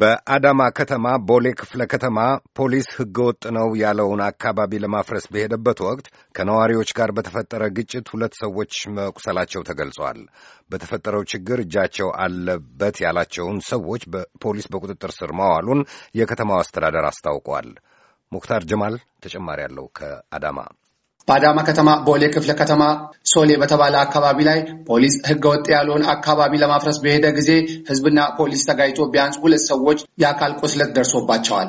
በአዳማ ከተማ ቦሌ ክፍለ ከተማ ፖሊስ ወጥ ነው ያለውን አካባቢ ለማፍረስ በሄደበት ወቅት ከነዋሪዎች ጋር በተፈጠረ ግጭት ሁለት ሰዎች መቁሰላቸው ተገልጿል። በተፈጠረው ችግር እጃቸው አለበት ያላቸውን ሰዎች ፖሊስ በቁጥጥር ስር ማዋሉን የከተማው አስተዳደር አስታውቋል። ሙክታር ጀማል ተጨማሪ አለው ከአዳማ በአዳማ ከተማ ቦሌ ክፍለ ከተማ ሶሌ በተባለ አካባቢ ላይ ፖሊስ ወጥ ያለውን አካባቢ ለማፍረስ በሄደ ጊዜ ህዝብና ፖሊስ ተጋጭቶ ቢያንስ ሁለት ሰዎች የአካል ቁስለት ደርሶባቸዋል።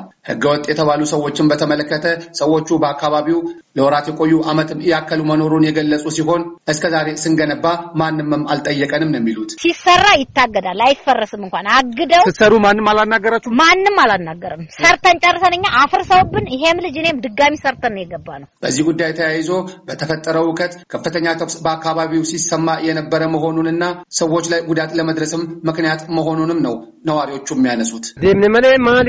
ወጥ የተባሉ ሰዎችን በተመለከተ ሰዎቹ በአካባቢው ለወራት የቆዩ አመትም ያከሉ መኖሩን የገለጹ ሲሆን እስከዛሬ ስንገነባ ማንምም አልጠየቀንም ነው የሚሉት። ሲሰራ ይታገዳል፣ አይፈረስም። እንኳን አግደው ስትሰሩ ማንም አላናገራችሁ? ማንም አላናገርም። ሰርተን ጨርሰን እኛ አፍርሰውብን፣ ይሄም ልጅ እኔም ድጋሚ ሰርተን ነው የገባ ነው። በዚህ ጉዳይ ተያይ ተያይዞ በተፈጠረው እውከት ከፍተኛ ተኩስ በአካባቢው ሲሰማ የነበረ መሆኑንና ሰዎች ላይ ጉዳት ለመድረስም ምክንያት መሆኑንም ነው ነዋሪዎቹ የሚያነሱት። ዴምኔመኔ መሀል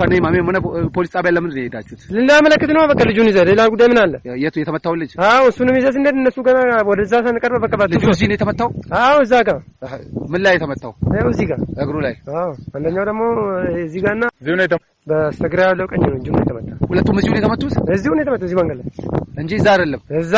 ፋ ማሜ ሆነ ፖሊስ ጣቢያ ለምን ሄዳችሁት? ልናመለክት ነው። በቃ ልጁን ይዘህ ሌላ ጉዳይ ምን አለ? የቱ የተመታው ልጅ? አዎ እሱንም ይዘህ ስንሄድ እነሱ ገና ወደዛ ሳንቀርበ በቃ ልጁ እዚህ ነው የተመታው። አዎ እዛ ጋር ምን ላይ የተመታው? እዚህ ጋር እግሩ ላይ። አዎ አንደኛው ደግሞ እዚህ ጋርና እዚሁ ነው በስተግራ ያለው ቀኝ ነው እንጂ የተመታ። ሁለቱም እዚሁ ነው የተመቱት፣ እዚሁ ነው የተመቱት፣ እዚህ መንገድ ላይ እንጂ እዛ አይደለም። እዛ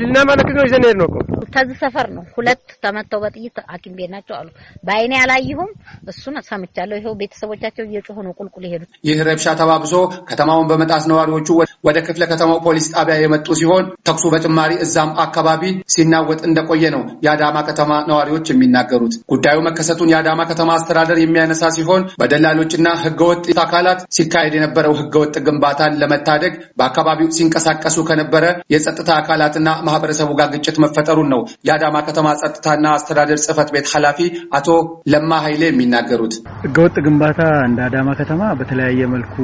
ልና ማለክት ነው ይዘን ሄድ ነው እኮ ከዚህ ሰፈር ነው ሁለት ተመተው በጥይት ሐኪም ቤት ናቸው አሉ። በአይኔ አላየሁም፣ እሱን ሰምቻለሁ። ይኸው ቤተሰቦቻቸው እየጮሁ ነው ቁልቁል ይሄዱ። ይህ ረብሻ ተባብሶ ከተማውን በመጣስ ነዋሪዎቹ ወደ ክፍለ ከተማው ፖሊስ ጣቢያ የመጡ ሲሆን ተኩሱ በጭማሪ እዛም አካባቢ ሲናወጥ እንደቆየ ነው የአዳማ ከተማ ነዋሪዎች የሚናገሩት። ጉዳዩ መከሰቱን የአዳማ ከተማ አስተዳደር የሚያነሳ ሲሆን በደላሎችና ህገወጥ አካላት ሲካሄድ የነበረው ህገወጥ ግንባታን ለመታደግ በአካባቢው ሲንቀሳቀሱ ከነበረ የጸጥታ አካላትና ማህበረሰቡ ጋር ግጭት መፈጠሩን ነው የአዳማ ከተማ ጸጥታና አስተዳደር ጽህፈት ቤት ኃላፊ አቶ ለማ ኃይሌ የሚናገሩት። ህገወጥ ግንባታ እንደ አዳማ ከተማ በተለያየ መልኩ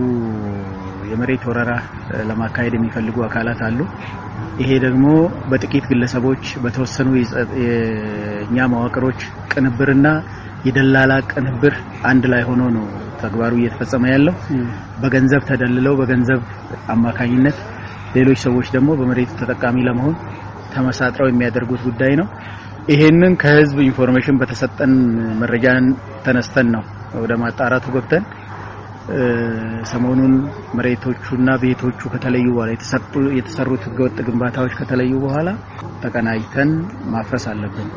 የመሬት ወረራ ለማካሄድ የሚፈልጉ አካላት አሉ። ይሄ ደግሞ በጥቂት ግለሰቦች በተወሰኑ የእኛ መዋቅሮች ቅንብርና የደላላ ቅንብር አንድ ላይ ሆኖ ነው ተግባሩ እየተፈጸመ ያለው። በገንዘብ ተደልለው በገንዘብ አማካኝነት ሌሎች ሰዎች ደግሞ በመሬቱ ተጠቃሚ ለመሆን ተመሳጥረው የሚያደርጉት ጉዳይ ነው። ይሄንን ከህዝብ ኢንፎርሜሽን በተሰጠን መረጃን ተነስተን ነው ወደ ማጣራቱ ገብተን ሰሞኑን መሬቶቹና ቤቶቹ ከተለዩ በኋላ የተሰሩት ህገወጥ ግንባታዎች ከተለዩ በኋላ ተቀናጅተን ማፍረስ አለብን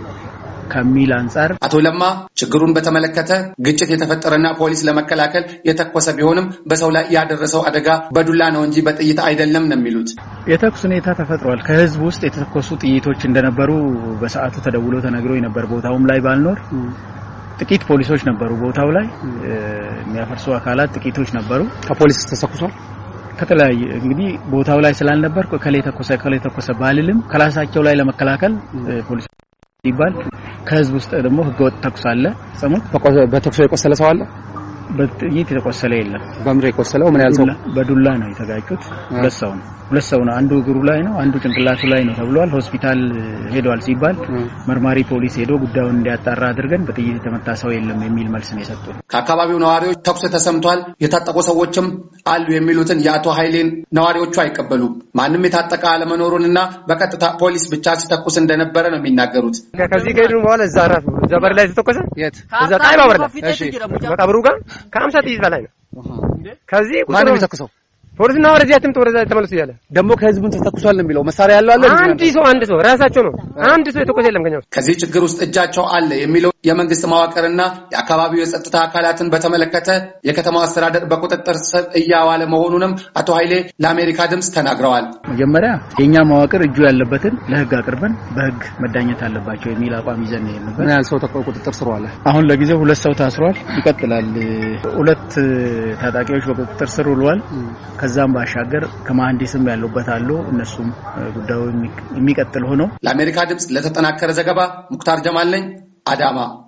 ከሚል አንጻር አቶ ለማ ችግሩን በተመለከተ ግጭት የተፈጠረና ፖሊስ ለመከላከል የተኮሰ ቢሆንም በሰው ላይ ያደረሰው አደጋ በዱላ ነው እንጂ በጥይት አይደለም ነው የሚሉት። የተኩስ ሁኔታ ተፈጥሯል። ከህዝብ ውስጥ የተተኮሱ ጥይቶች እንደነበሩ በሰዓቱ ተደውሎ ተነግሮ ነበር። ቦታውም ላይ ባልኖር ጥቂት ፖሊሶች ነበሩ ቦታው ላይ የሚያፈርሱ አካላት ጥቂቶች ነበሩ። ከፖሊስ ተሰኩሷል ከተለያየ እንግዲህ ቦታው ላይ ስላልነበር ከሌ ተኮሰ ከሌ ተኮሰ ባልልም ከራሳቸው ላይ ለመከላከል ፖሊስ ይባል ከህዝብ ውስጥ ደግሞ ህገወጥ ተኩስ አለ። ሰሞኑን በተኩስ የቆሰለ ሰው አለ በጥይት የተቆሰለ የለም። በምድር የቆሰለው ምን ያህል ሰው? በዱላ ነው የተጋጩት። ሁለት ሰው ነው ሁለት ሰው ነው። አንዱ እግሩ ላይ ነው፣ አንዱ ጭንቅላቱ ላይ ነው ተብሏል። ሆስፒታል ሄዷል ሲባል መርማሪ ፖሊስ ሄዶ ጉዳዩን እንዲያጣራ አድርገን በጥይት የተመታ ሰው የለም የሚል መልስ ነው የሰጡት። ከአካባቢው ነዋሪዎች ተኩስ ተሰምቷል፣ የታጠቁ ሰዎችም አሉ የሚሉትን የአቶ ኃይሌን ነዋሪዎቹ አይቀበሉም። ማንም የታጠቀ አለመኖሩንና በቀጥታ ፖሊስ ብቻ ሲተኩስ እንደነበረ ነው የሚናገሩት። ከዚህ ከሄዱ በኋላ እዛ ዘበር ላይ ተተኮሰ የት እዛ ጣይ ባበር ላይ እሺ መቃብሩ ጋር ከሀምሳ ጥይት በላይ ነው። ከዚህ ቁጥር ነው የሚተኩሰው። ነው። ወደዚህ አትምጡ፣ ወደዛ ተመለሱ እያለ ደግሞ ከህዝቡን ተተኩሷል ነው የሚለው። መሳሪያ ያለው አለ አንድ ሰው አንድ ሰው ራሳቸው ነው አንድ ሰው የተኮሰ የለም። ከዚህ ችግር ውስጥ እጃቸው አለ የሚለው የመንግስት መዋቅርና የአካባቢው የጸጥታ አካላትን በተመለከተ የከተማው አስተዳደር በቁጥጥር ስር እያዋለ መሆኑንም አቶ ኃይሌ ለአሜሪካ ድምፅ ተናግረዋል። መጀመሪያ የእኛ መዋቅር እጁ ያለበትን ለህግ አቅርበን በህግ መዳኘት አለባቸው የሚል አቋም ይዘን ነበር። ምን ያህል ሰው ቁጥጥር ስር ዋለ? አሁን ለጊዜው ሁለት ሰው ታስሯል፣ ይቀጥላል። ሁለት ታጣቂዎች በቁጥጥር ስር ውለዋል። ከዛም ባሻገር ከመሀንዲስም ያሉበት አሉ። እነሱም ጉዳዩ የሚቀጥል ሆነው ለአሜሪካ ድምፅ ለተጠናከረ ዘገባ ሙክታር ጀማል ነኝ። a dama